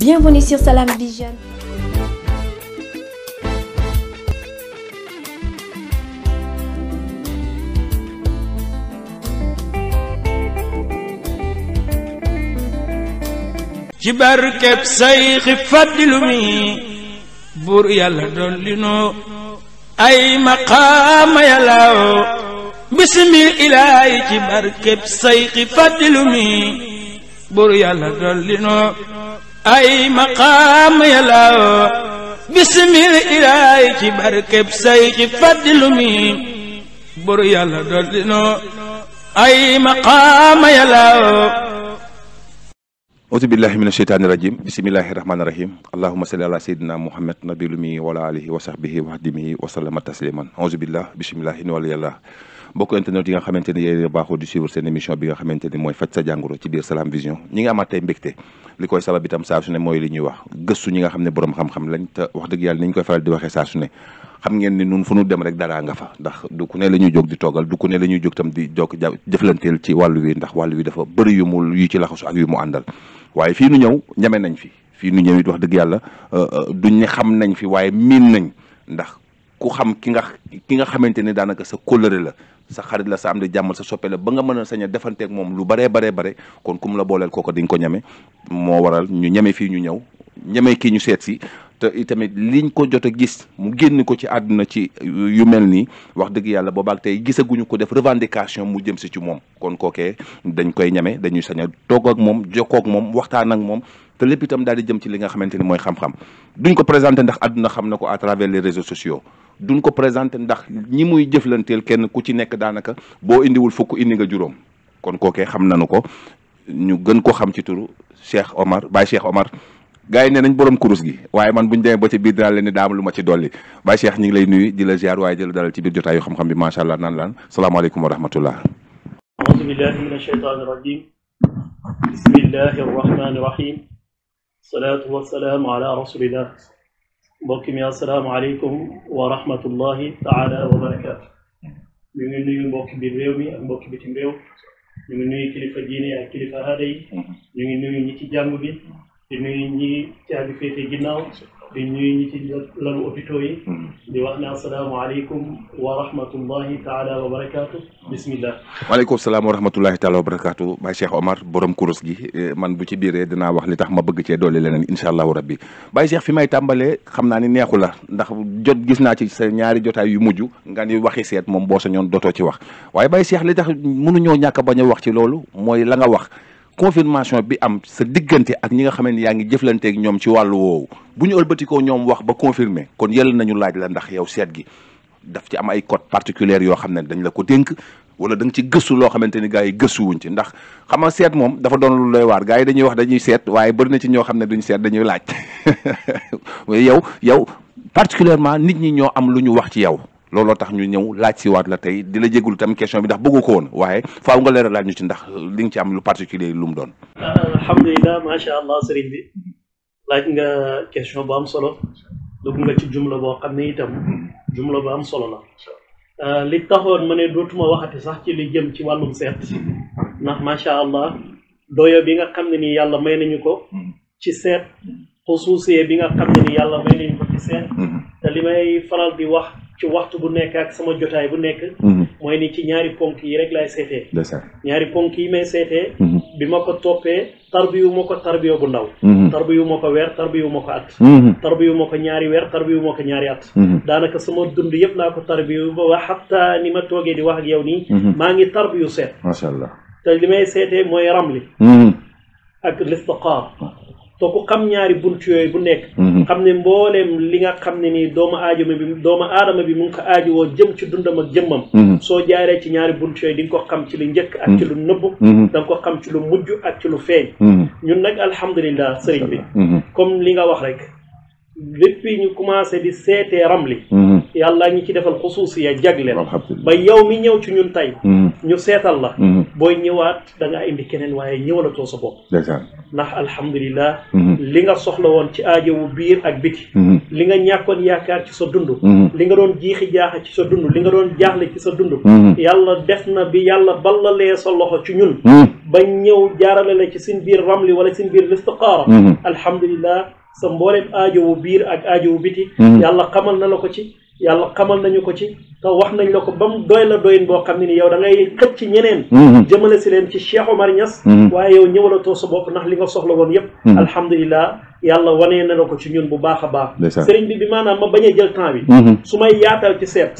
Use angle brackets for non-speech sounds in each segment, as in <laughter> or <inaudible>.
Bienvenue sur Salam Vision. ci ay maqaama yàllaw bisimil ilaahi ci barkeb sayxi faddilu ay maqaam yàllaaw bisimil ilaay ci barkeb say ci faddilu mi buru yàlla dool dinoo ay maqaam yàllaaw auzubillahi min asheytaani rajim bisimillahi rahmaani rahim allahuma salli ala seydina muhammad nabilu mi wala alihi wa sahbihi wahdimihi wasalama tasliman auzubillah bisimillahi ni wàllu yàlla mbokk internet yi nga xamante ne yéen baaxoo di suivre seen émission bi nga xamante ni mooy faj sa jàngoro ci biir Salam Vision ñi ngi amaat tey mbégte mooy li ñuy wax gëstu ñi nga xam ne borom xam-xam lañ te wax dëgg yàlla ni ñu koy faral di waxee saa su ne xam ngeen ni nun fu nu dem rek dara nga fa ndax du ku ne la ñuy jóg di toogal du ne la ñuy jóg tam di jokk jëflanteel ci wàllu wi ndax wàllu wi dafa bëri yu mu yu ci laxasu ak yu mu àndal waaye fii nu ñëw ñame nañ fi fii nu ñëw it wax dëgg yàlla euh, euh, duñ ne xam nañ fi waaye miin nañ ndax ku xam ki nga ki nga xamante ne daanaka sa kóllëre la sa xarit la sa am di jàmmal sa soppeele ba nga mën a sañ a defanteeg moom lu bare baree bare kon ku mu la booleel kooko di nga ko ñeme moo waral ñu ñeme fii ñu ñëw ñeme kii ñu seet si te itamit liñ ko jot a gis mu génn ko ci àdduna ci yu mel nii wax dëgg yàlla boobaak tey gisaguñu ko def revendication mu jëm si ci moom kon kookee dañ koy ñeme dañuy sañ a moom jokkoo moom waxtaan ak moom te lépp itam daal di jëm ci li nga xamante ni mooy xam-xam duñ ko présenté ndax àdduna xam na ko à les réseaux sociaux duñ présent présenté ndax ñi muy jëflanteel kenn ku ci nekk daanaka boo indiwul fukk indi nga juróom kon kookee xam nañu ko ñu gën ko xam ci turu Cheikh Omar Baye Cheikh Omar gars yi ne nañ borom kurus gi waaye man bu ñu demee ba ci biir daal leen ne daam lu ma ci dolli Baye Cheikh ñu ngi lay nuy di la ziar waaye di la dalal ci biir jotaayu xam-xam bi macha allah naan laan salaamaaleykum wa rahmatullah aoudu billahi mbokki mi asalaamaaleykum wa rahmatullahi taala wa barakaatu ñu ngi nuyu mbokki biir réew mi ak mbokki bitim réew ñu ngi nuyu kilifa diine ak kilifa aada yi mm-hmm. ñu ngi nuyu ñi ci jàng bi di nuyu ñi caabi di ñuy ñi ci lalu hôpitaux hmm. wa rahmatullahi taala wa salaam wa rahmatullahi taala wa barakaatu Baye Cheikh Omar borom kurus gi eh, man bu ci biiree dinaa wax li tax ma bëgg cee doole leneen incha allahu rabbi Baye Cheikh fi may tàmbalee xam naa ni neexu la ndax jot gis naa ci sa ñaari jotaay yu mujj nga ni waxi seet moom boo ñoon dootoo ci wax waaye Baye Cheikh li tax mënuñoo ñàkk bañ a wax ci loolu mooy la wax confirmation bi am sa diggante ak ñi nga xam ne yaa ngi jëflanteeg ñoom ci wàllu woowu bu ñu ëlbatikoo ñoom wax ba confirmer kon yël nañu laaj la ndax yow seet gi daf ci am ay cote particulier yoo xam ne dañ la ko dénk wala da ci gëstu loo xamante ni gars yi gëstuwuñ ci ndax xam nga seet moom dafa doon lu lay waar gars yi dañuy wax dañuy seet waaye bëri na ci ñoo xam ne duñ seet dañuy laaj <laughs> yow yow particulièrement nit ñi ñoo am lu ñu wax ci yow looloo tax ñu ñëw laaj si waat la tey di la jégul tam question bi ndax bëggu ko woon waaye faaw nga leeralaat ñu ci ndax li ci am lu particulier lu mu doon. alhamdulilah macha allah sëriñ bi laaj nga question bu am solo dugg nga ci jumla boo xam ne itam jumla bu am solo la. Euh, li taxoon ma ne dootuma sax ci li jëm ci wàllum seet ndax macha allah doyo bi nga xam ne nii yàlla may nañu ko ci seet xusuusee bi nga xam ne nii yàlla may ci seet mm-hmm. te li faral di wax. ci waxtu bu nekk ak sama jotaay bu nekk. Mm-hmm. mooy ni ci ñaari ponk yi rek laay seetee. ñaari ponk yi may seetee. Mm-hmm. bi ma ko toppee tarbiyu ma ko tarbiyo bu ndaw. Mm-hmm. tarbiyu ma ko weer tarbiyu ma ko at. tarbiyu ma ko ñaari weer tarbiyu ma ko ñaari at. daanaka sama dund yëpp laa ko tarbiyu ba wax xataa ni ma toogee di wax ak yow nii. maa ngi tarbiyu seet. macha allah te li may seetee mooy ramli. ak listiqaar to ku xam ñaari bunt yooyu bu nekk mhm. xam ne mbooleem li nga xam ne nii doomu aadama bi doomu aadama bi mu ngi ko aajowoo jëm ci dundam ak jëmmam mhm. soo jaaree ci ñaari bunt yooyu ko xam ci lu njëkk ak ci mhm. lu nëbb da ko xam ci lu mujj ak ci lu feeñ ñun nag alhamdulilah sëriñ bi comme li nga wax rek depuis ñu commencé di seetee ramli yàlla ngi ci defal xusuusiya jagleel ba yow mi ñëw ci ñun tey hmm. ñu seetal la hmm. booy ñëwaat da indi keneen waaye ñëw ñëwalatoo sa bopp ndax alhamdulilah hmm. li nga soxla woon ci aajowu biir ak biti li nga ñàkkoon yaakaar ci sa dund li nga doon jiixi jaaxa ci sa dund li nga doon jaaxle ci sa dund yàlla def na bi yàlla ballalee sa loxo ci ñun ba ñëw jaarale la ci seen biir ramli wala seen biir listiqaara alhamdulillah sa mbooleem aajowu biir ak aajowu biti yàlla na la ko ci yàlla xamal nañu ko ci te wax nañ la ko ba mu doy la doyin boo xam ne ni yow da ngay xëcc ci ñeneen mm-hmm. jëmale si leen ci Cheikh Omar Niass mm-hmm. waaye yow ñëwalatoo sa bopp ndax li nga soxla woon yépp mm-hmm. alhamdulilah yàlla wanee na la ko ci ñun bu baax a baax sëriñ bi bi maanaam ma bañ a jël temps bi su may yaatal ci seet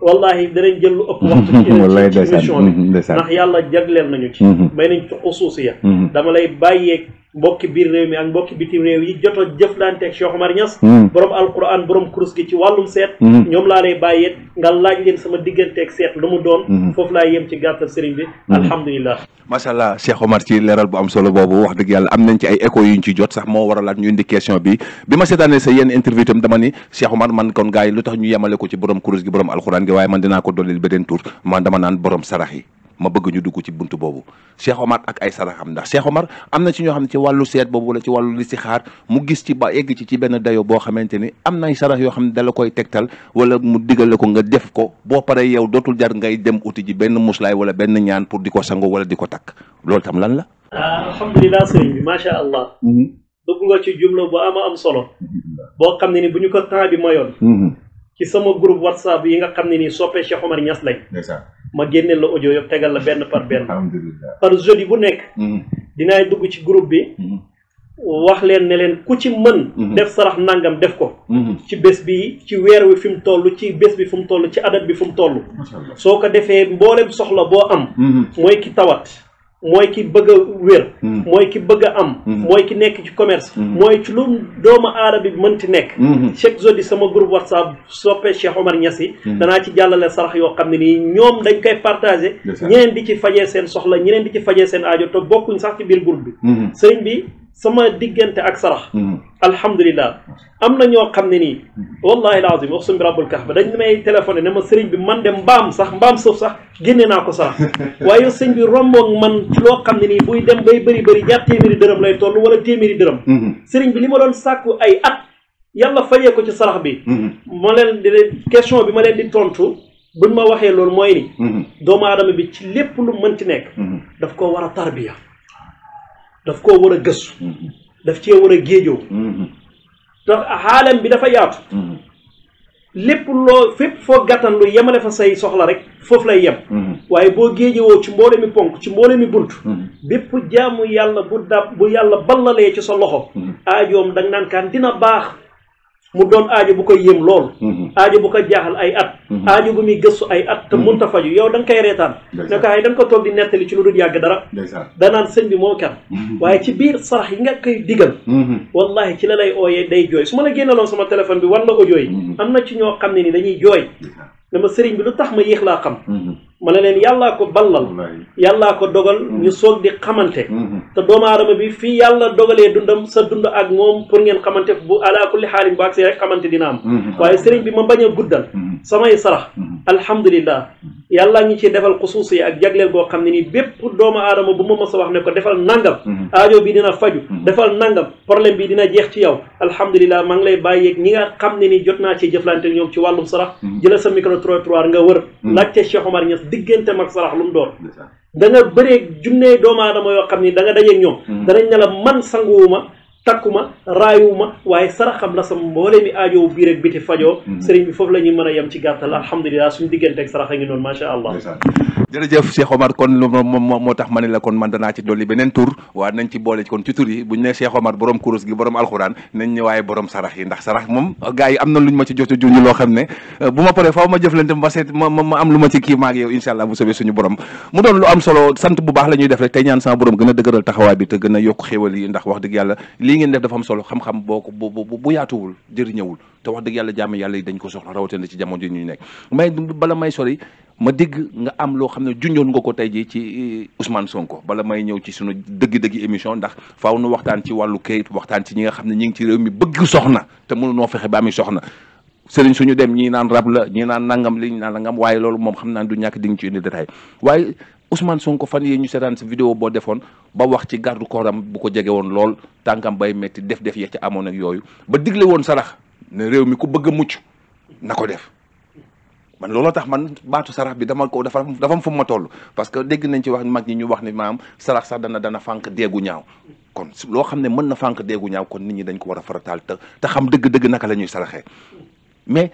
wallahi danañ jël lu ëpp waxtu ci <laughs> émission bi ndax yàlla jagleel nañu ci may nañ ci xusuusiya dama lay bàyyeeg mbokki biir réew mi ak mbokki bitim réew yi joto jëflanteeg Cheikh Omar Niass hmm. borom alquran borom kurus gi ci wàllum seet hmm. ñoom laa lay bàyyee nga laaj leen sama digganteeg seet lu mu doon hmm. foofu laa yem ci gàttal sëriñ bi alhamdulilah macha allah Cheikh Omar ci leeral bu am solo boobu wax dëgg yàlla am nañ ci ay écho yu ñu ci jot sax moo waralaat ñu indi bi bi ma seetaanee sa yenn interview itam dama ni Cheikh Omar man kon gars yi lu tax ñu yemale ko ci borom kurus gi borom alquran gi waaye man dinaa ko dollil beneen tur man dama naan borom sarax yi ma bëgg ñu dugg ci bunt boobu Cheikh Omar ak ay saraxam ndax Cheikh Omar am na ci ñoo xam ne ci wàllu seet boobu wala ci wàllu listixaar mu gis ci ba egg ci ci benn dayo boo xamante ni am na ay sarax yoo xam ne dala koy tegtal wala mu digale ko nga def ko boo paree yow dootul jar ngay dem uti ji benn muslaay wala benn ñaan pour di ko sango wala di ko takk loolu tam lan la. Ah, alhamdulilah sëñ bi macha allah. dugg mhm. nga ci bu ama am solo. boo xam ne ko temps mhm. ci sama groupe whatsapp yi nga xam ne nii soppee Cheikh Omar Niass ma génneel la ojo yëpp tegal la benn par benn. alhamdulilah par jeudi bu nekk. Mm-hmm. dinaay dugg ci groupe bi. Mm-hmm. wax leen ne leen ku ci mën. Mm-hmm. def sarax nangam def ko. ci bés bi ci weer wi fi mu toll ci bés bi fu mu toll ci adat bi fu mu toll. soo ko defee mboolem soxla boo am. mooy ki tawat. mooy ki bëgg a wér hmm. mooy ki bëgg am hmm. mooy ki nekk ci commerce hmm. mooy ci lu doomu aada bi mënti nekk chaque jeudi sama groupe whatsapp soppee Cheikh Omar Niass yi danaa ci jàllale sarax yoo xam ne nii ñoom dañ koy partagé ñeneen di ci fajee seen soxla ñeneen di ci fajee seen aajo te bokkuñ sax ci biir groupe bi sëriñ bi sama diggante ak sarax hmm. alhamdulilah am na ñoo xam ne nii wallahi alazim wax sum bi rabbul kahf dañ may téléphoné ne ma sëriñ bi man de mbaam sax mbaam suuf sax génne naa ko sarax <laughs> waaye sëñ bi romboog man ci loo xam ne nii buy dem bay bëri bëri ñaar téeméeri dërëm lay toll wala téeméeri dërëm hmm. sëriñ bi li ma doon sàkku ay at yàlla fayee ko ci sarax bi hmm. ma leen di question bi ma leen di tontu buñ ma waxee loolu mooy ni doomu aadama bi ci lépp lu mënti nekk daf ko war a tarbiya daf koo war a gëstu mm-hmm. daf cee war a géejoo mm-hmm. tax xaalam bi dafa yaatu mm-hmm. lépp loo fépp foo gàttan lu yemale fa say soxla rek foofu lay yem waaye boo géejewoo ci mboole mi ponk ci mboole mi bunt bépp jàmm yàlla bu dab bu yàlla ballalee ci sa loxo aajoom da naan kaan dina baax mu doon aajo bu ko yéem lool. Mhm. aajo bu ko jaaxal ay at. Mhm. aajo bu muy gëstu ay at. te mënut mhm. a faju yow da nga koy reetaan. ne ko ay ko toog di nettali ci lu dul yàgg dara. danaan sëñ bi moo kan. waaye ci biir sarax yi nga koy digal. wallahi ci la lay ooyee day jooy su ma la génneeloon sama téléphone bi war na ko jooy. am na ci ñoo xam ne ni dañuy jooy. na ma sëriñ bi lu tax ma yéex laa xam. ma ne leen yàllaa ko ballal yàllaa ko dogal mm-hmm. ñu soog di xamante mm-hmm. te doomu aadama bi fii yàlla dogalee dundam sa dund ak moom pour ngeen xamante bu alaa kulli xaalin bu agsee rek xamante dina am mm-hmm. waaye sëriñ bi ma bañ a guddal samay sarax alhamdulillah yàlla ñi ci defal xusuus yi ak jagleel boo xam ne ni bépp doomu adama bu ma mës a wax ne ko defal nangam aajo bi dina faju defal nangam problème bi dina jeex ci yow alhamdulillah maa ngi lay bàyyeeg ñi nga xam ne ni jot naa ci jëflante ñoom ci wàllum sarax jëla sa micro trottoir nga wër laajte Cheikh Omar digganteem ak sarax lu mu doon da nga bëreeg junnee doomu aadama yoo xam ni da nga dajeeg ñoom mm-hmm. danañ ne la man sanguwuma takkuma raayuwuma waaye saraxam la sama mboolee mi aajowu biti fajoo mm-hmm. sëriñ bi foofu la ñuy mën a yem ci gàttal alhamdulilah suñu diggante sarax a ngi noonu moo tax ma ne la kon man danaa ci dolli beneen tur waaw nañ ci boole kon ci tur yi buñ ne Cheikh Omar borom kurus gi ne waaye borom sarax moom gars yi am na luñ ma ci jot a xam ne euh, bu ma paree faaw ma jëflante ma seet ma am lu ma ci kii maag yow incha allah bu soobee suñu borom mu doon lu am solo sant bu baax la ñuy def rek ñaan sama borom gën a taxawaay bi te gën a yokk xéwal ndax wax dëgg yàlla lii ngeen def dafa am solo xam-xam boo ko bu bu yaatuwul jëriñëwul te wax dëgg yàlla jàmm yàlla yi dañ ko soxla na ci jamono ji ñuy nekk may bala may sori ma dégg nga am loo xam ne junjoon nga ko tey jii ci euh, Ousmane Sonko bala may ñëw ci sunu dëgg-dëgg émission ndax faaw nu waxtaan ci wàllu kayit waxtaan ci ñi nga xam ne ñi ngi ci réew mi bëgg soxna te mënu noo fexe ba ami soxna sëriñ suñu dem ñii naan rab la ñii naan nangam li ñi naan nangam waaye loolu moom xam naa du ñàkk di nga ci indi détail Ousmane Sonko fan yee ñu seetaan si vidéo boo defoon ba wax ci garde corps am bu ko jegee woon lool tànkam bay metti def def ya ci amoon ak yooyu ba digle woon sarax ne réew mi ku bëgg a mucc na ko def man looloo tax man baatu sarax bi dama ko dafa dafa fu ma toll parce que dégg nañ ci wax mag ñi ñu wax ni maam sarax sax dana dana fànq deegu ñaaw kon loo xam ne mën na fànk deegu ñaaw kon nit ñi dañ ko war a farataal te te xam dëgg-dëgg naka la ñuy saraxee mais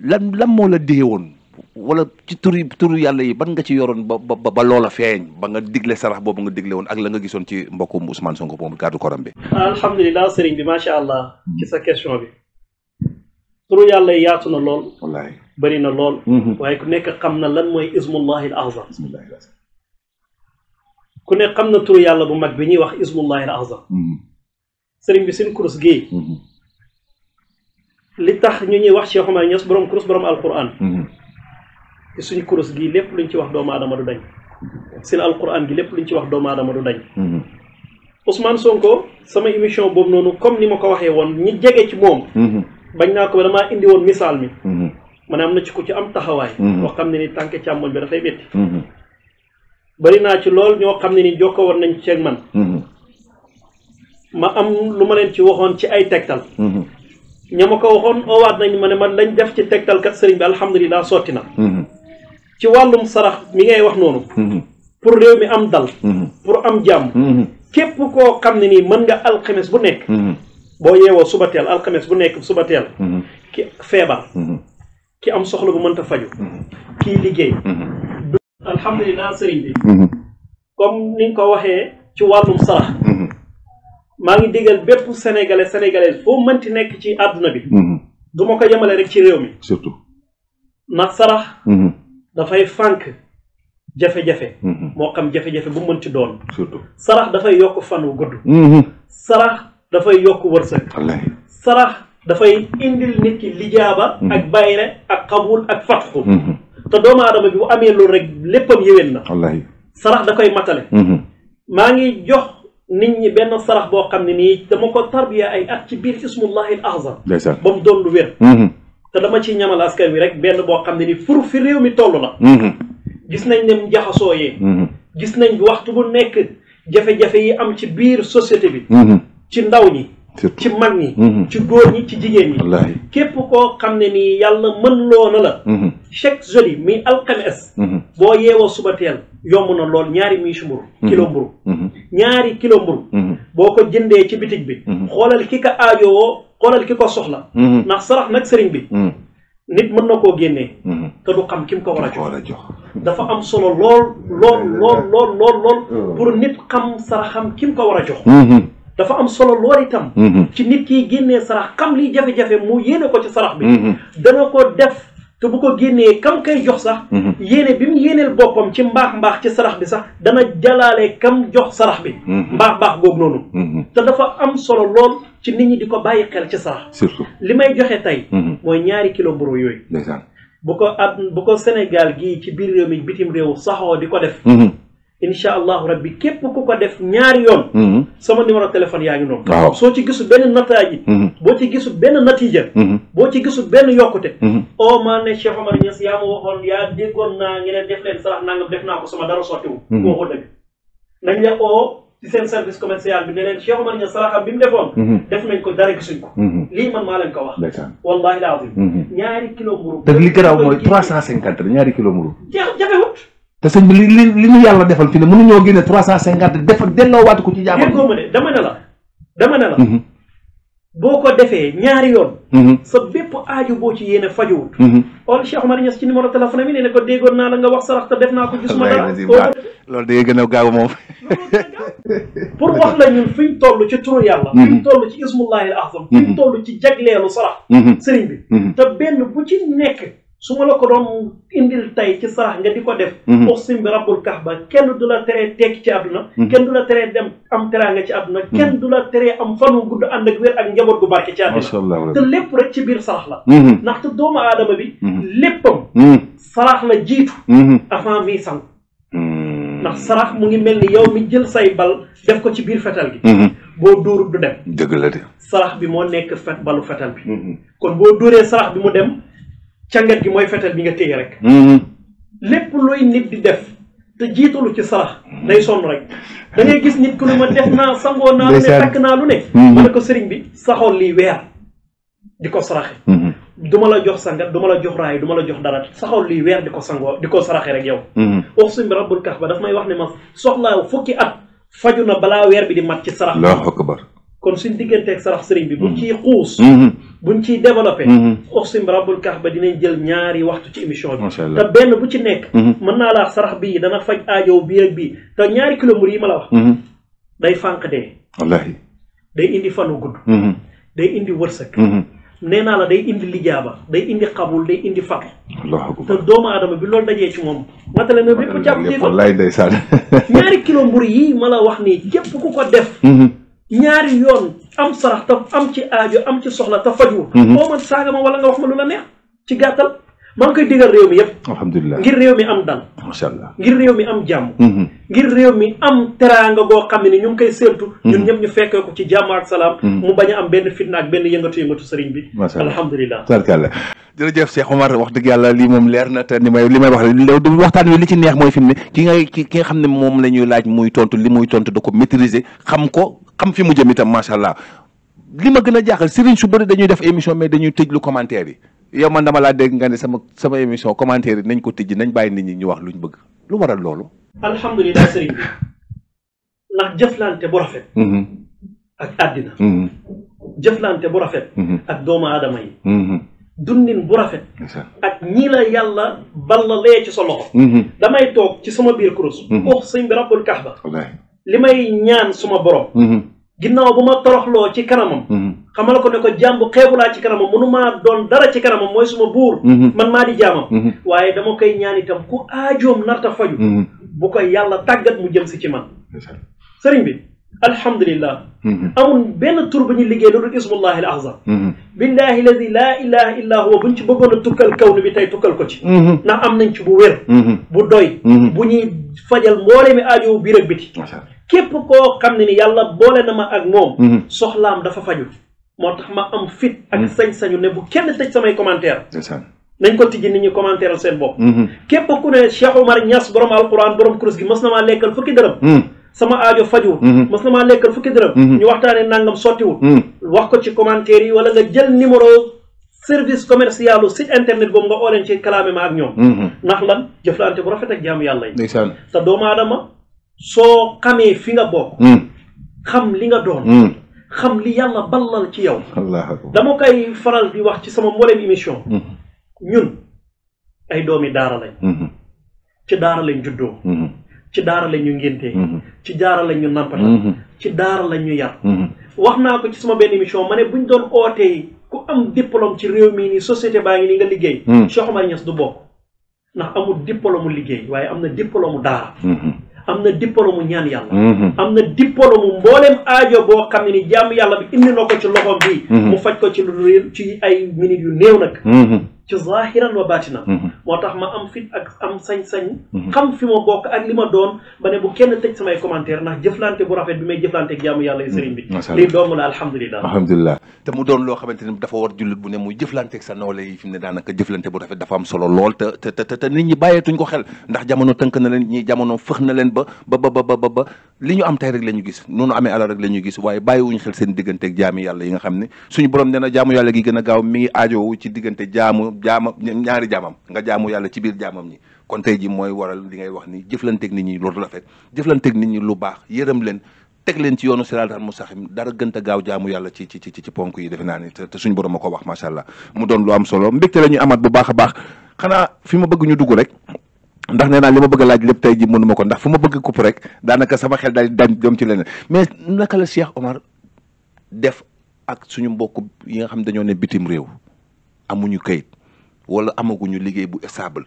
lan lan moo la dee woon wala ci turu turu yàlla yi ban nga ci yoroon ba ba ba loola feeñ ba nga digle sarax boobu nga digle woon ak la nga gisoon ci mbokkum Ousmane Sonko moom gàddu koram bi. alhamdulilah sëriñ bi macha allah ci hmm. sa question bi turu yàlla yi yaatu na lool. wallaay na lool. Hmm. waaye ku nekk xam na lan mooy ismullahi al azam. ku xam na turu yàlla bu mag bi ñuy wax ismullahi al azam. Hmm. bi seen kurus gi. li tax ñu ñuy wax Cheikh Omar Niass borom kurus borom Alquran. te suñu kurus gi lépp luñ ci wax doomu aadama du dañ seen alquran gi lépp luñ ci wax doomu aadama du dañ mm-hmm. Ousmane Sonko sama émission boobu noonu comme ni ma ko waxee woon ñu jege ci moom mm-hmm. bañ naa ko ba damaa indi woon misaal mi mm-hmm. ma ne am na ci ko ci am taxawaay boo xam ne ni tànk càmmoñ bi dafay métti bari naa ci lool ñoo xam ne ni jokkoo woon nañ ceeg man ma am lu ma leen ci waxoon ci ay tegtal ña ma ko waxoon oowaat nañ ma ne man lañ def ci tegtal kat sëriñ bi alhamdulilah sotti na ci wàllum sarax mi ngay wax noonu. Mhm. pour réew mi am dal. Mhm. pour am jàmm. Mhm. képp ko xam ne nii mën nga alxames bu nekk. boo yeewoo suba teel alxames bu nekk suba teel. ki feebar. ki am soxla bu mënta faju kii liggéey. alhamdulilah sëriñ bi. comme ni nga ko waxee ci wàllum sarax. maa ngi digal bépp sénégalais sénégalais foo mënti nekk ci àdduna bi. du ma ko yemale rek ci réew mi. surtout ndax sarax. dafay fànq jafe-jafe mm-hmm. moo xam jafe-jafe bu mënti doon surtout sarax dafay yokk fan wu gudd mm-hmm. sarax dafay yokk wërsëg sarax dafay indil nit ki lijaaba mm-hmm. ak bayre ak xabul ak fatxu te doomu aadama bi bu amee loolu rek léppam yéwén na sarax da koy matale maa ngi jox nit ñi benn sarax boo xam ne nii dama ko tarbiya ay at ci biir ismullahi al azam ba doon lu wér te dama ciy ñamal askan wi rek benn boo xam ne ni fur fi réew mi toll na mhm. gis nañ ne jaxasoo yee. Mhm. gis nañ waxtu bu nekk jafe-jafe yi am ci biir société bi. Mhm. ci ndaw ñi. ci mag ñi mm-hmm. ci góor ñi ci jigéen ñi képp koo xam ne nii yàlla mën loona la mm-hmm. chaque jeudi muy alxames mm-hmm. boo yeewoo suba teel yomb na lool ñaari miisu mburu kilo mburu ñaari kilo mburu boo ko jëndee ci bitig bi xoolal ki ko aajowoo xoolal ki ko soxla ndax sarax nag sëriñ bi nit mën na koo génnee te du xam ki ko war a jox dafa am solo lool lool lool lool lool lool <laughs> pour nit xam saraxam ki mu ko war a jox dafa am solo lool itam. Mm-hmm. ci nit ki génnee sarax xam liy jafe-jafe mu yéene ko ci sarax bi. Mm-hmm. dana ko def te bu ko génnee kam kay jox sax. Mm-hmm. yéene bi mu yéeneel boppam ci mbaax mbaax ci sarax bi sax dana jalaale kam jox sarax bi. mbaax mbaax googu noonu. te dafa am solo lool ci nit ñi di ko bàyyi xel ci sarax. surtout li may joxe tey. mooy ñaari kilo mburu yooyu. bu ko ab bu ko Sénégal gii ci biir réew mi bitim réew saxoo di ko def. incha allahu rabbi képp ku ko def ñaari yoon. Mm-hmm. sama numéro téléphone yaa ngi noonu. waaw soo ci gisul benn nataaji. Mm-hmm. boo ci gisul benn natiija. Mm-hmm. boo ci gisu benn yokkute. oo oh, maa ne Cheikh Omar Niass yaa ma waxoon yaa déggoon naa ngeen def leen sarax nangam def naa ko sama dara sottiwul. boo ko dëgg nañ la oo ci seen service commercial bi ne leen Cheikh Omar Niass saraxam bi mu defoon. def nañ ko dara gisuñ ko. lii man maa leen ko wax. dëgg la wallaahi laa ñaari kilo mburu. li garaaw mooy trois cent cinquante ñaari kilo mburu. jafewut. te li li li ñu yàlla defal fi ne mënuñoo génne trois cent cinquante defal delloo waat ko ci jaamu. déggoo ma de dama mhm. boo ko defee ñaari yoon. Mhm. sa bépp aaju boo ci yéene fajuwut. Mhm. ol Cheikh Omar Niass ci numéro téléphone bi ne ne ko déggoon naa la nga wax sarax te def naa ko. gisuma dara loolu day gën a gaaw moom. <laughs> pour wax la ñun fi ñu toll ci turu yàlla. fi ñu toll ci ismullahil ahzam. fi ñu toll ci jagleelu sarax. sëriñ bi. te su ma la ko doon indil tey ci sarax nga di ko def. uqsim mhm. bi rabbul kaaba kenn du la teree tekki ci àdduna. Mhm. kenn du la teree dem am teraanga ci àdduna. Mhm. kenn du la tere am fan wu gudd ànd ak wér ak njaboot gu barke ci àdduna. te lépp rek ci biir sarax la. ndaxte doomu aadama bi. léppam. sarax la jiitu. avant mi sang. ndax sarax mu ngi mel ni yow mi jël say bal def ko ci biir fetal gi. boo dóorut du dem. dëgg la sarax bi moo nekk fet balu fetal bi. kon boo dóoree sarax bi mu dem. càngat gi mooy fetal bi nga téye rek. Mm-hmm. lépp looy nit di def te jiitalu ci sarax day sonn rek da gis nit ku ne ma def naa sangoo naa lu ne takk naa lu ne. Mm-hmm. ma ne ko sëriñ bi saxoon lii weer di ko saraxe. Mm-hmm. du la jox sangat du la jox raay du ma la jox dara saxoon lii weer di ko sangoo di ko saraxe rek yow. wax suñ bi rabbul kax ba daf may wax ne ma soxlaa fukki at faju na balaa weer bi di mat ci sarax. allahu akbar kon suñ digganteeg sarax sëriñ bi. bu ciy xuus. bu buñ ciy développé. Mm-hmm. oxsim rabbul ba dinañ jël ñaari waxtu ci émission bi. te benn bu ci nekk. Mm-hmm. mën naa laa sarax bii dana faj aajow bii ak bii te ñaari kilomètres yi ma la wax. Mm-hmm. day fànq dee. wallaahi day indi fanu day indi wërsëg. nee naa la day indi lijaaba day indi xabul day indi fàq. te doomu aadama bi loolu dajee ci moom. matale na lépp jàpp ci wallaay ndeysaan <laughs> ñaari kilo mbur yi ma la wax ni képp ku ko def. ñaari yoon. am sarax te am ci aajo am ci soxla ta faju boo mhm. man saaga ma wala nga wax ma lu la neex ci gàttal maa ngi koy digal réew mi yëpp ngir réew mi am dal macha allah ngir réew mi am jàmm mhm. ngir réew mi am teraanga goo xam ne ni ñu ngi koy séentu mhm. ñun ñu fekkee ko ci jàmm ak salaam mu bañ a am benn fitna ak benn yëngatu yëngatu sëriñ bi alhamdulilah tarkalla jërëjëf Cheikh Omar wax dëgg yàlla lii moom leer na te li may li may wax waxtaan wi li ci neex mooy fi mu ne ki nga ki nga xam ne moom la laaj muy tontu li muy tontu da ko xam ko xam fi mu jëm itam macha allah li ma gën a jaaxal sëriñ su bëri dañuy def émission mais dañuy tëj lu commentaire yow man dama laa dégg nga ne sama sama émission commentaire yi nañ ko tëj nañ bàyyi nit ñi ñu wax luñ bëgg lu waral loolu. alhamdulilah sëriñ bi ndax jëflante bu rafet. Mm-hmm. ak àddina. Mm-hmm. jëflante bu rafet. Mm-hmm. doomu aadama yi. bu rafet. ak ñi la yàlla ballalee ci sa loxo. damay toog ci sama biir kurus. kooku sëñ bi rabbul kaaba. li may ñaan suma boro mm-hmm. ginnaaw bu ma toroxloo ci kanamam. Mm-hmm. xamal ko ne ko jaam bu xeebu laa ci kanamam mënu ma doon dara ci kanamam mooy suma buur. Mm-hmm. man maa di jaamam. waaye dama koy ñaan itam ku aajoom narta faju bu ko yàlla tàggat mu jëm si ci man. sëriñ bi alhamdulillah. amul benn tur bu ñu liggéey lu dul ismullahi al azam. billahi la laa ilaha illa huwa buñ ci bëggoon a tukkal bi tey tukkal ko ci. ndax am nañ ci bu wér. bu doy. bu ñuy fajal mboole mi aajow biir ak biti. képp koo xam ne ni yàlla boole na ma ak moom. Mm-hmm. soxlaam dafa faju moo tax ma am fit. ak mm-hmm. sañ-sañu ne bu kenn tëj samay commentaire nañ ko tijji nit ñi commentaire seen bopp. Mm-hmm. képp ku ne Cheikh Omar Niass borom alquran borom kurus gi mës na maa lekkal fukki dërëm. sama aajo fajuwul. mës na maa lekkal fukki dërëm. ñu waxtaanee nangam sottiwul. wax ko ci commentaire yi wala ga jël numéro service commercial lu site internet boobu nga oo leen ci kalaame ma ak ñoom. ndax lan jëflante bu rafet ak jaamu yàlla yi. ndeysaan soo xamee fi nga bokk. Hmm. xam li nga doon. Hmm. xam li yàlla ballal ci yow. dama koy faral di wax ci sama mboolem émission. Hmm. ñun ay doomi daara lañ. ci daara lañ juddoo. ci daara lañ ñu ngéntee. ci daara lañ ñu nampatal. ci daara lañ ñu yar. wax naa ko ci sama benn émission ma ne bu ñu doon ootee ku am diplôme ci réew mi nii société baa ngi nii nga liggéey. Cheikh Omar Niass du bokk ndax amul diplôme mu liggéey waaye am na diplôme mu daara. am na diplôme mu ñaan yàlla. Mhm. am na diplôme mu mbooleem aajo boo xam ne ni jàmm yàlla bi indi na ko ci loxoom bi mhm. mu faj ko ci lu ci ay minutes yu néew nag. Mhm. ci zahiran wa baatina mhm. moo tax ma am fit am sañ-sañ mhm. xam fi ma bokk ak li ba ne bu kenn tëj samay commentaire ndax jëflante bu rafet bi may mm, doon loo xamante ni dafa war jullit bu ne muy jëflante ak sa nawle yi fi ne daanaka jëflante bu rafet dafa am solo lool te ni te te nit ñi bàyyeetuñ ko xel ndax jamono tënk na leen ñi jamono fëx na leen ba ba ba ba ba ba li ñu am tey rek la ñu gis noonu amee alal rek la ñu gis waaye bàyyiwuñ xel seen diggante ak jaamu yàlla yi nga xam ne suñu borom nee na jaamu yàlla gi gën ngi ci diggante jaamu jaamam ñaari jaamam nga jaamu yàlla ci biir jaamam ñi kon tey ji mooy waral li ngay wax ni jëflanteeg nit ñi lu rafet jëflanteeg nit ñi lu baax yërëm leen teg leen ci yoonu mu mustaqiim dara gënt gaaw jaamu yàlla ci ci ci ci ponk yi defe naa ni te suñ borom a ko wax macha allah mu doon lu am solo mbégte la ñuy amaat bu baax baax xanaa fi ma bëgg ñu dugg rek ndax nee naa li ma bëgg laaj lépp tey ji mënu ma ko ndax fu ma bëgg kupp rek daanaka sama xel daal dañ doom ci leneen mais naka la Cheikh Omar def ak suñu mbokk yi nga xam dañoo ne bitim réew amuñu kayit wala amaguñu liggéey bu stable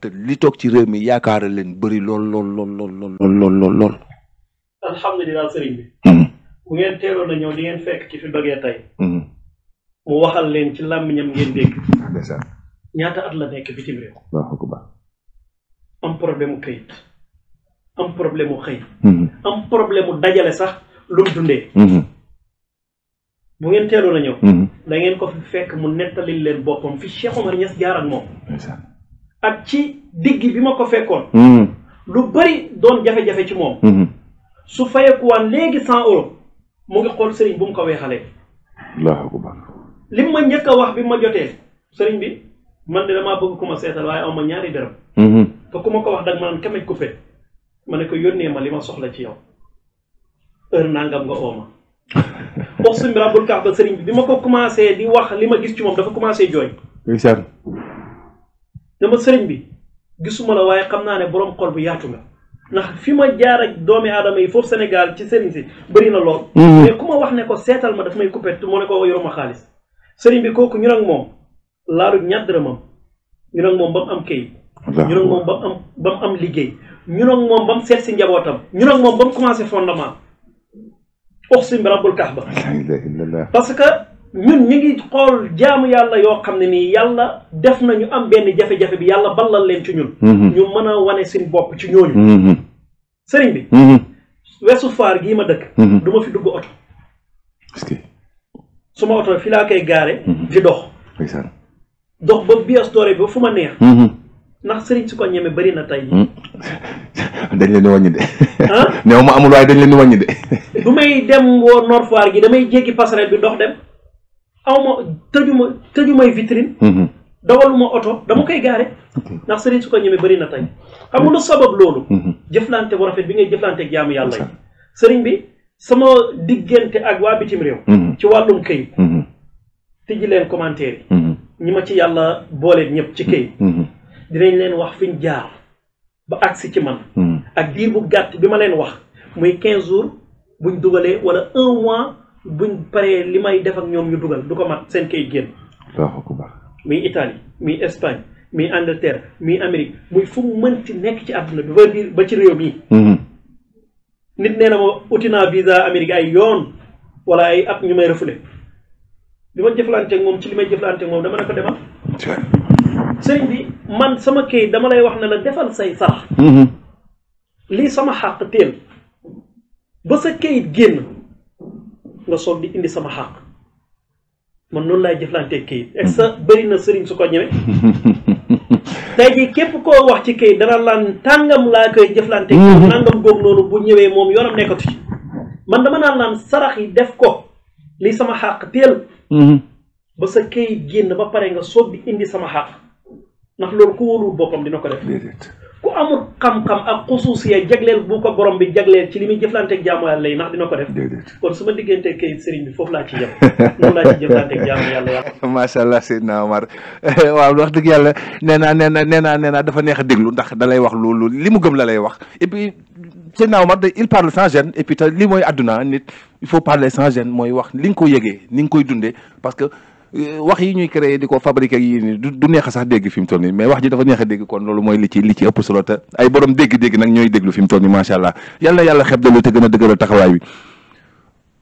te li toog ci réew mi yaakaar leen bëri lool lool lool lool lool lool lool lool. bi. Hmm. bu ngeen teeloon a ñëw di ngeen fekk ci fi dogee tey. Hmm. mu waxal leen ci làmmiñam ngeen dégg. ñaata at la nekk bitim réew. am problème mu këyit. am problème mu xëy. Hmm. am problème mu dajale sax lu dundee. bu ngeen teeloon a hmm. ñëw. da ngeen ko fi fekk mu nettali leen boppam fi Cheikh Omar Niass jaar ak moom. ak ci digg bi ma ko fekkoon. Hmm. lu bari doon jafe-jafe ci moom. Hmm. su fayekuwaan léegi cent euros mu ngi xool sëriñ ko weexalee. allahu li ma njëkk a wax bi ma bi man de damaa bëgg ku ma seetal waaye aw ma ñaari dërëm. te ku ma ko wax dag ma naan kamaj ku fe ma ne ko yónnee ma li ma soxla ci yow heure nangam nga ooma poxu bi rabbul kaaba sëriñ bi bi ma ko commencé di wax li ma gis ci moom dafa commencé jooy. ndeysaan. dama sëriñ bi gisuma la waaye xam naa ne borom xool bu yaatu nga ndax fi ma jaar ak doomi aadama yi foofu Sénégal ci sëriñ si bëri na lool. Mm-hmm. mais ku ma wax ne ko seetal ma daf may coupé moo ne ko yoruma xaalis. sëriñ bi kooku ñu ak moom laalu ñaar dërëmam ñu ak moom ba am kayit. ñu ak moom ba am ba am liggéey. ñu ak moom ba seet si njabootam. ñu ak moom ba mu commencé fondement. uqsim bi rabbul kaaba parce que ñun ñu ngi xool jaamu yàlla yoo xam ne nii yàlla def na ñu am benn jafe-jafe bi yàlla ballal leen ci ñun mm-hmm. ñu mën a wane seen bopp ci ñooñu mm-hmm. sëriñ bi mm-hmm. wesu faar gii ma dëkk du ma fi dugg oto su ma oto fi laa koy gaare di dox dox ba bias doore bi ba fu ma neex ndax sëriñ si ko ñeme bari na tey <laughs> dañ leen di wàññi de. néew <laughs> ma amul waaye dañ leen di wàññi de. du <laughs> may dem woo Nord Foire gi damay jéggi passerelle bi dox dem aw ma tëju ma tëju may vitrine. Mm-hmm. dawaluma oto dama mm-hmm. koy gaare. ndax sëriñ su ko ñemee bëri na tey. xam nga lu sabab loolu. Mm-hmm. jëflante bu rafet bi ngay jëflante ak jaamu yàlla yi. sëriñ bi sama diggante ak waa bitim réew. ci wàllum këy. tijji leen commentaire yi. ñi ma ci yàlla boole ñëpp ci këy. dinañ leen wax fi ñu jaar. ba agsi ci man. Hmm. ak diir bu gàtt bi ma leen wax muy 15 jours buñ dugalee wala un mois buñ paree li may def ak ñoom ñu dugal du ko mat seen kay génn. muy Italie muy Espagne muy Angleterre muy Amérique muy fu mu mënti nekk ci àdduna bi ba biir ba ci réew mi. Hmm. nit nee na ma uti naa visa Amérique ay yoon wala ay at ñu may refoulé bi ma jëflante ak moom ci li may jëflante moom dama ne ko sëñ bi man sama kayit dama lay wax ne la defal say sarax. Mm-hmm. lii sama xàq teel ba sa kayit génn nga soog di indi sama xàq man noonu laay jëflantee kayit ak sa mm-hmm. na sëriñ su ko ñëwee. <laughs> tey jii képp koo wax ci kayit dana laan tàngam laa koy jëflante tàngam mm-hmm. góob noonu bu ñëwee moom yoonam nekkatu ci man dama naan laan sarax yi def ko lii sama xàq teel ba sa kayit génn ba pare nga soog di indi sama xàq ndax loolu ku wóolul boppam dina ko def ku amul xam-xam ak xusuusiya jagleel bu ko borom bi jagleel ci li muy jëflanteeg jaamu yàlla yi ndax dina ko def kon su ma diggantee kayit sëriñ bi foofu laa ci yem noonu laa ci jëflanteeg jaamu yàlla yàlla <laughs> macha allah Seydina Omar <laughs> waaw wax dëgg yàlla nee naa nee naa nee naa nee naa dafa neex a déglu ndax da wax loolu li mu gëm la lay wax et puis Seydina Omar da il parle sans gêne et puis li mooy àdduna nit il faut parler sans gêne mooy wax li nga ko yëgee ni nga koy dundee Euh, wax yi ñuy créer di ko fabriquer yi ni du neex a sax dégg fi mu toll nii mais wax ji dafa neex a dégg kon loolu mooy li ci ëpp solo te ay borom dégg-dégg nag ñooy déglu fi mu toll nii macha allah yal na yàlla xeb dalu te gën a dëgëral taxawaay bi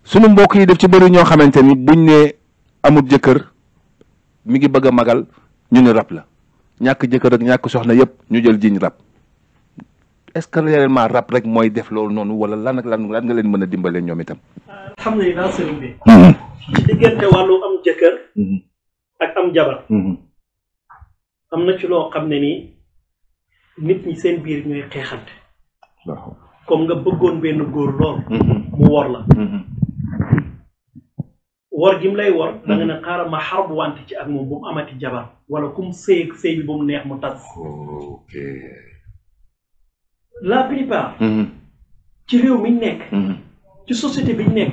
sunu mbokk yi def ci bari ñoo xamante ni buñ ne amul jëkkër mi ngi bëgg a magal ñu ne rab la ñàkk jëkkër ak ñàkk soxna yëpp ñu jël jiñ rab est-ce que réellement rab rek mooy def loolu noonu wala lan ak lan lan nga leen mën a dimbale ñoom itam. ci diggante wàllu am jëkkër mhm. ak am jabar mhm. am na ci loo xam ne nii nit ñi seen biir ñooy xeexante comme nga bëggoon benn góor lool mhm. mu wor la wor gi mu lay wor da nga ne xaaral ma xar bu wante ci ak moom bu mu amati jabar wala kum sëy sëy bi bu mu neex mu tas la plupart ci réew mi nekk ci société bi nekk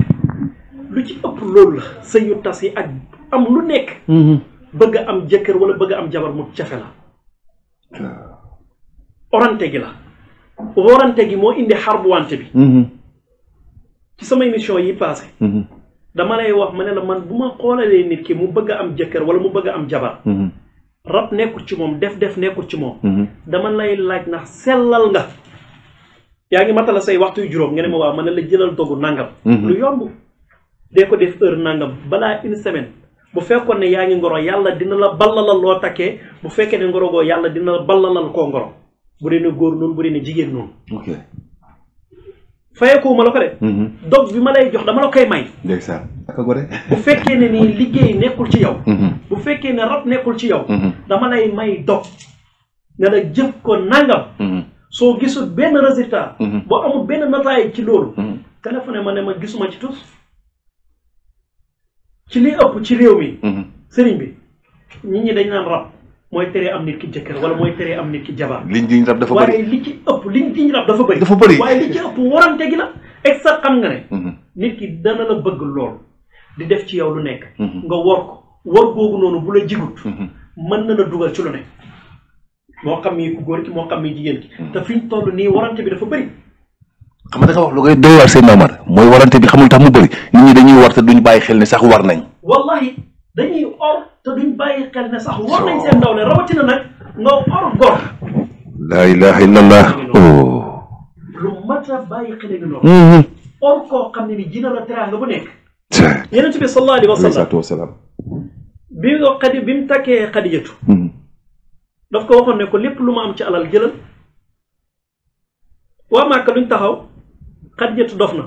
lu ci ëpp loolu la sëy yu tas yi ak am lu nekk mm-hmm. bëgg am jëkkër wala bëgg am jabar mu jafe la ah. orante gi la orante gi moo indi xar bu wante bi mm-hmm. ci sama émission yi passé mm-hmm. dama lay wax ma ne la man bu ma xoolalee nit ki mu bëgg am jëkkër wala mu bëgg am jabar rab nekkul ci moom def-def nekkul ci moom dama lay laaj na sellal nga yaa ngi matala say waxtu juróom nga ne ma waaw ma ne la jëlal dogu nangam lu yomb dee ko def heure nàngam balaa une semaine bu fekkoon ne yaa ngi ngoro yàlla dina la ballalal loo takkee bu fekkee ne ngoro goo yàlla dina la ballalal koo ngoro bu dee ne góor noonu bu dee ne jigéen noonu. ok fayeeku ma la ko mhm. bi ma lay jox dama koy may. ndeysaan aka gore bu fekkee ne nii liggéey nekkul ci yow. Mhm. bu fekkee ne rab nekkul ci yow. Mhm. dama lay may dog ne la jëf ko nangam. soo gisul benn résultat. boo amul benn nataay ci loolu. téléphone ma ne ma gisuma ci tus. ci li ëpp ci réew mi. Mm-hmm. sëriñ bi nit ñi dañ naan rab mooy teree am nit ki jëkkër wala mooy teree am nit ki jabar. liñ diñ rab dafa bëri waaye ëpp liñ diñ dafa bëri. dafa bëri waaye li ci ëpp warante gi la. et ça xam nga ne. Mm-hmm. nit ki dana la bëgg lool di def ci yow lu nekk. Mm-hmm. nga wor ko wor googu noonu bu la jigut. mën na la dugal ci lu moo xam ni ku góor ki moo xam ni jigéen ki. te fi ñu toll nii warante bi dafa bëri. xam nga wax lu koy doy waar seen namar mooy warante bi xamul tax mu bëri nit ñi dañuy war te duñ bàyyi xel ne sax war nañ. wallahi dañuy or te duñ bàyyi xel sax war nañ seen ndaw ne rawatina nag nga or gor. la ilaha illallah. lu mat a oh. bàyyi xel nga noonu. Mm-hmm. or koo xam ne ni dina la teraanga bu nekk. yonent bi sallallahu alayhi wa sallam. bi nga bi mu takkee xadijatu mm-hmm. daf ko waxoon ne ko lépp lu ma am ci alal jëlal waa Màkka luñ taxaw. xadijatu dof na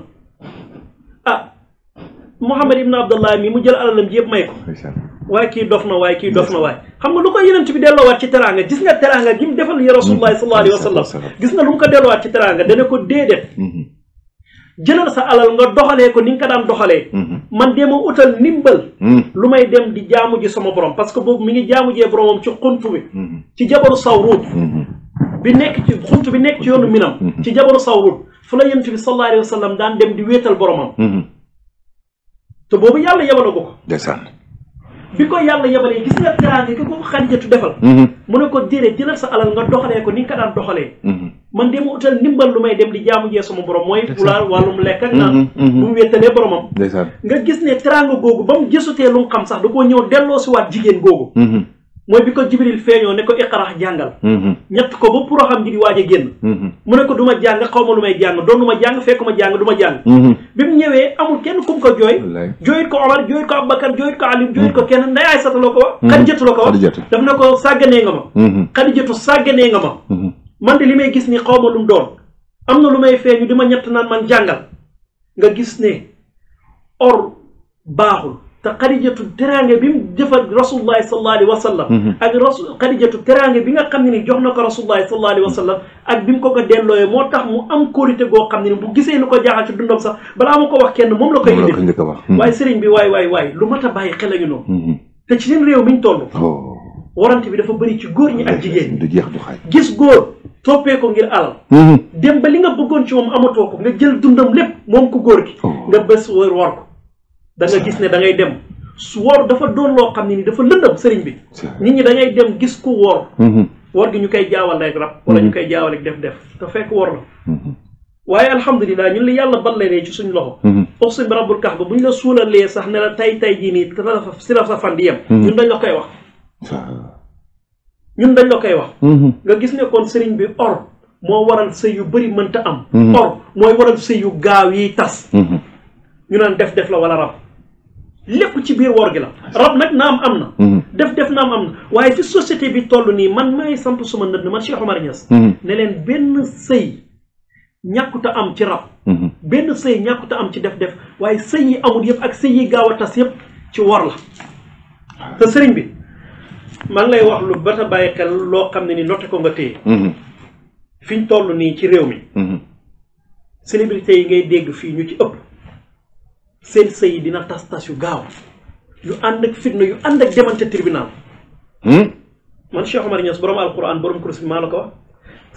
ah Muhammad ibn Abdallah mi mu jël alalam ji yëpp may ko waaye kii dof na waaye kii dof na waaye xam nga lu ko yenent bi delloowaat ci teraanga gis nga teraanga gi mu defal ya rasulullahi sallallahu alayhi wa sallam gis nga lu mu ko delloowaat ci teraanga dana ko déedéet mm-hmm. jëlal sa alal nga doxalee ko ni nga ko daan doxalee mm-hmm. man de ma utal ndimbal mm-hmm. lu may dem di jaamu ji sama borom parce que boobu mi ngi jaamu jee boromam ci xunt bi ci jabaru sawruut nekk ci xunt bi nekk ci yoonu minam ci jabaru sawruut fu la yonent bi sallallahu alayhi daan dem di wéetal boromam. Mm-hmm. te boobu yàlla yebale ko ko. ndeysaan. bi ko yàlla yebalee gis nga teraanga ki ko xadijatu defal. Mm-hmm. mu ne ko jëlee jëlal sa alal nga doxalee ko ni nga ko daan doxalee. Mm-hmm. man de mu utal ndimbal lu may dem di jaamu jee sama borom mooy. wulaal wàllum lekk ak naan. bu mu wéttalee boromam. nga gis ne teraanga googu ba mu gisutee lu xam sax da koo ñëw delloo si waat jigéen googu. mooy bi ko jibril feeñoo ne ko iqarax jàngal mhm. ñett ko ba pour xam ji di waaj a génn mhm. mu ne ko duma ma jàng xaw lu may jàng doon du ma jàng fekk ma jàng du ma jàng mhm. bi mu ñëwee amul kenn kum ko jooy jooyit ko omar jooyit ko abubakar jooyit ko ali jooyit ko kenn nday aysata la ko wax xadijatu la ko wax daf na ko sàgganee nga ma xadijatu sàgganee nga ma man di li may gis ni xaw ma lu mu doon am na lu may feeñu di ma ñett naan man jàngal nga gis ne or te xadijatu teraange bi mu jëfal rasulullahi sallallahu alayhi wa sallam mm-hmm. ak rasul xadijatu teraange bi nga xam ne ni jox na ko rasulullahi sallallahu alayhi wa sallam ak bi mu ko ko dellooyee moo tax mu am kóolite goo xam ne ni bu gisee lu ko jaaxal ci dundam sax balaa ma ko wax kenn moom la ko indi mm-hmm. waaye sëriñ bi waay waay waay lu mat a bàyyi xel lañu noonu mm-hmm. te ci seen réew mi ñu toll oh. warante bi dafa bari ci góor ñi ak jigéen du gis goor toppee ko ngir alal dem ba li nga bëggoon ci woom amatoo ko nga jël dundam lépp moom ko góor gi oh. nga bés war ko da gis ne da ngay dem su woor dafa doon loo xam ne ni dafa lëndëm sëriñ bi nit ñi da ngay dem gis ku woor mm-hmm. woor gi ñu koy jaawal rek rab wala ñu mm-hmm. koy jaawal rek def-def te fekk woor la mm-hmm. waaye alhamdulilah ñun li yàlla ballee ci suñ loxo oxsi bi rabbul kax ba bu ñu la suulalee sax ne la tay tay jii nii si la sa fan di yem ñun dañ la koy wax ñun dañ la koy wax nga gis ne kon sëriñ bi or moo waral sëy yu bëri mënta am or mooy waral sëy yu gaaw yi tas naan def def la wala rab lépp ci biir woor gi la rab nag naam am na mhm. def def na am na waaye fi société bi toll nii man may sant suma na man Cheikh Omar Niass mhm. ne leen benn sëy ñàkkuta am ci rab mhm. benn sëy ñàkkuta am ci def def waaye sëy yi amul yëpp ak sëy yi gaaw a tas yëpp ci woor la te sëriñ bi man lay wax lu bata bàyyi xel loo xam ne ni noté ko nga téye fi ñu toll nii ci réew mi célébrité yi ngay dégg fii ñu ci ëpp seen sëy dina tas tas yu gaaw yu ànd ak fitna yu ànd ak demante tribunal. Hmm? man Cheikh Omar Niass borom alquran borom kurus bi maa la ko wax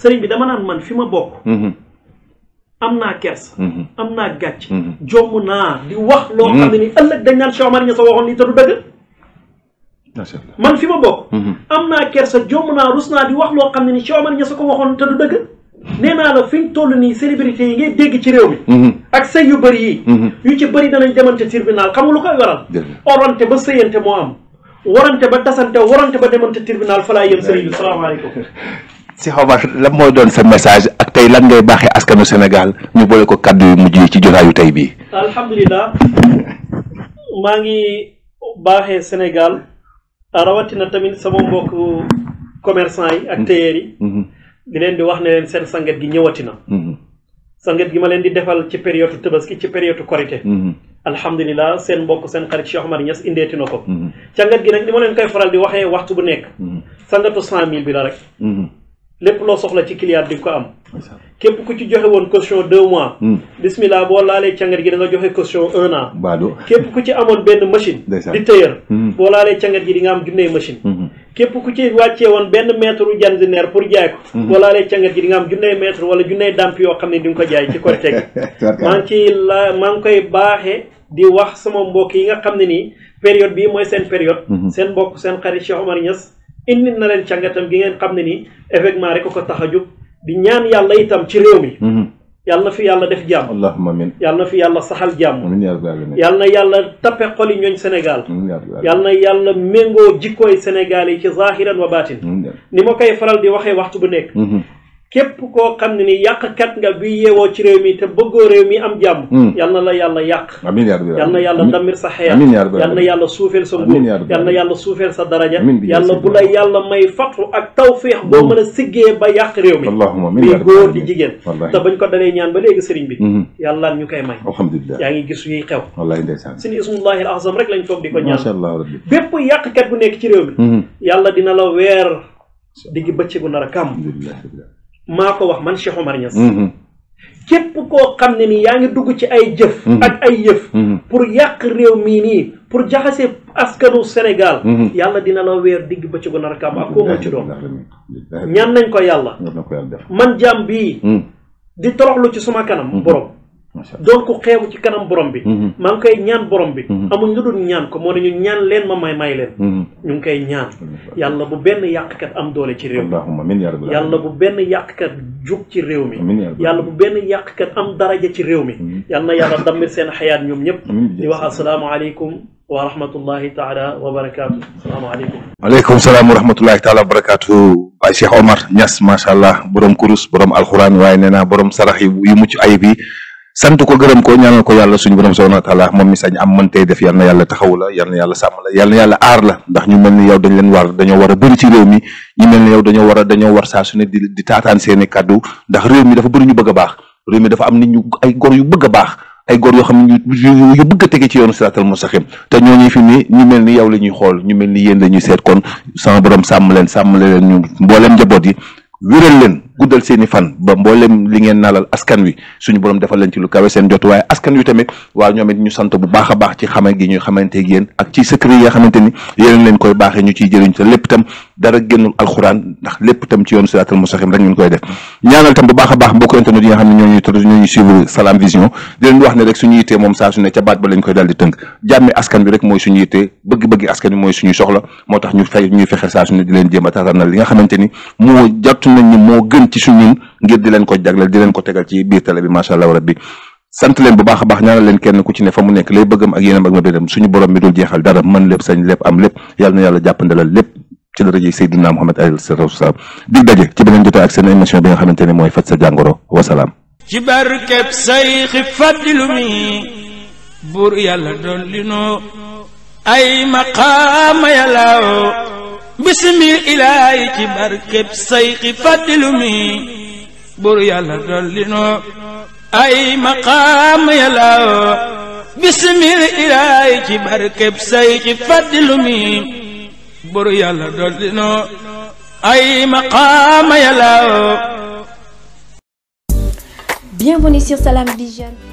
sëriñ bi dama naan man fi ma bokk. Hmm. am naa kers. Hmm. am naa gàcc. jomm naa di wax. loo xam ne ni ëllëg dañ naan Cheikh Omar Niass waxoon nii man fi ma bokk. am naa kersa jomm naa rus naa di wax loo xam ne ni Cheikh Omar Niass ko waxoon te du dëgg. nee naa la fi ñu toll nii célébrité yi ngay dégg ci réew mi. Mhm. ak sëy yu bëri yi. Mhm. yu ci bëri danañ demante tribunal xam nga lu koy waral. orante ba sëyante moo am. warante ba tasante warante ba demante tribunal fa laa yem sëriñ bi salaamaaleykum. si xaw la lan mooy doon sa message ak tey lan ngay baaxee askanu Sénégal ñu boole ko kaddu yu mujj yi ci jotaayu tey bii. alhamdulilah maa ngi baaxee Sénégal rawatina tamit sama mbokk commerçant yi ak mhm. tailleur di leen di wax ne leen seen sanget gi ñëwati na. Mm-hmm. sanget gi ma leen di defal ci période ki ci période korité mm-hmm. alhamdulilah seen mbokk seen xarit Cheikh Omar Niass indeeti na ko. Mm-hmm. sanget gi nag ni ma leen koy faral di waxee waxtu bu nekk. sangatu cent mille bi la rek. lépp loo soxla ci client di ko am. képp ku ci joxe woon caution deux mois. Mm. bismillah boo laalee cangat gi da nga joxe caution un an. képp ku ci amoon benn machine. di tëyër. boo laalee cangat gi di nga am junnee machine. képp ku ci wàccee woon benn mètre janzineer pour jaay ko mhm. boo laalee cangat ji di nga am junney mètre wala junney dàmp yoo xam ne di nga ko jaay ci ko teg <laughs> maa ngi ciy la maa ngi koy baaxee di wax sama mbokk yi nga xam ne nii période bii mooy seen période mhm. seen mbokk seen xarit Cheikh Omar Niass indi na leen cangatam gi ngeen xam ne nii effectivement rek ko tax a jóg di ñaan yàlla itam ci réew mi mhm. yàlla na fi yàlla def jàmm allahumma amin yàlla na fi yàlla saxal jàmm amin yàlla na yàlla tappe xoli ñooñ Sénégal yàlla na yàlla méngoo jikkooy Sénégal yi ci zaahiran wa baatin ni ma koy faral di waxee waxtu bu nekk mm-hmm. képp koo xam ne ni yàqkat nga bi yeewoo ci réew mi te bëggoo réew mi am jàmm hmm. yal na la yàlla yàq amiin yal na yàlla damir sa xeer yal na yàlla suufeel sa nguur na yàlla suufeel sa daraja yàlla bu la yàlla may fatu ak tawfiix boo mën a siggee ba yàq réew mi bi góor di jigéen te bañ ko danee ñaan ba léegi sëriñ bi hmm. yàlla ñu koy may alhamdulilah yaa ngi gis yuy xew wallaay ndeysaan suñu ismullahi al azam rek lañ toog di ko ñaan bépp yàqkat bu nekk ci réew hmm. yàlla dina la weer diggi bëccëgu nar a kàmm maa ko wax man Cheikh Omar Niass. Mm-hmm. képp koo xam ne ni yaa ngi dugg ci ay jëf. Mm-hmm. ak ay yëf. Mm-hmm. pour yàq réew mii nii pour jaxase askanu Sénégal. yàlla dina la weer digg bëccëgu narkaam ak koo mën ci doon. ñan nañ ko yàlla. man jaam bii. di toroxlu ci suma kanam borom. doon ko xeebu ci kanam borom bi mhm. maa ngi ñaan borom bi mhm. amuñ lu dul ñaan ko moo ñu ñaan leen ma may may leen mhm. ñu ngi koy ñaan yàlla bu benn yàqkat am doole ci réew mi yàlla bu benn yàqkat jug ci réew mi yàlla bu benn yàqkat am daraja ci réew mi yàlla na yàlla dammir seen xayaat ñoom ñëpp di wax asalaamaaleykum wa rahmatullahi taala wa barakaatu asalaamaaleykum aleykum salaam wa rahmatullahi taala wa barakaatu waaye Cheikh Omar Niass macha allah borom kurus borom alxuraan waaye nee naa borom sarax yu mucc ayib yi sant ko gërëm ko ñaanal ko yàlla suñu borom subhanahu wa taala moom mi sañ am mën tey def yal na yàlla taxaw la yal na yàlla sàmm la yal na yàlla aar la ndax ñu mel ni yow dañ leen war dañoo war a bëri ci réew mi ñu mel ni yow di di seeni kàddu ndax réew mi dafa bëri ñu bëgg a baax am nit ñu ay góor yu a baax ay góor yoo xam ne ñu bëgg a tege ci yoonu saatal siraatal mustaqim te ñooñu fi ni ñu mel ni yow la ñuy xool ñu mel ni yéen la ñuy seet kon sama borom sàmm leen sàmm leen ñu mbooleem njaboot yi wéral leen guddal seen i fan ba mboolem li ngeen nalal askan wi suñu borom defal leen ci lu kawe seen jot waaye askan wi tamit waaw ñoom it ñu sant bu baax a baax ci xamante yéen ak ci secret yi nga xamante ni ñu ciy jëriñ te a baax askan bi mooy suñu soxla moo tax ñu fay saa su di leen jéem a taatanal li nga xamante ni moo jàttu nañ ni moo gën ci su ñun ngir di leen ko jagleel di leen ko tegal ci biir télé bi macha allah rabbi sant leen bu baax a baax ñaanal leen kenn ku ci ne fa mu nekk lay bëggam ak yéenam ak ma biram suñu borom mi dul jeexal dara mën lépp sañ lépp am lépp yàlla na yàlla jàppandalal lépp ci la rajo Seydina Muhammad alayhi salaatu wasalaam dig daje ci beneen jotaay ak seen émission bi nga xamante ne mooy faj sa jàngoro wasalaam ci barkeb sayxi faddilu mi buur yàlla dolli noo ay maqaama yàlla bismil ilaahi ci barkeb sayxi fàddilu mi bur yàlla dolli noo ay maqaam yàlla bismil ilaahi ci barkeb sayxi fàddilu mi bur yàlla dolli noo ay maqaam yàlla Bienvenue sur Salam Vision.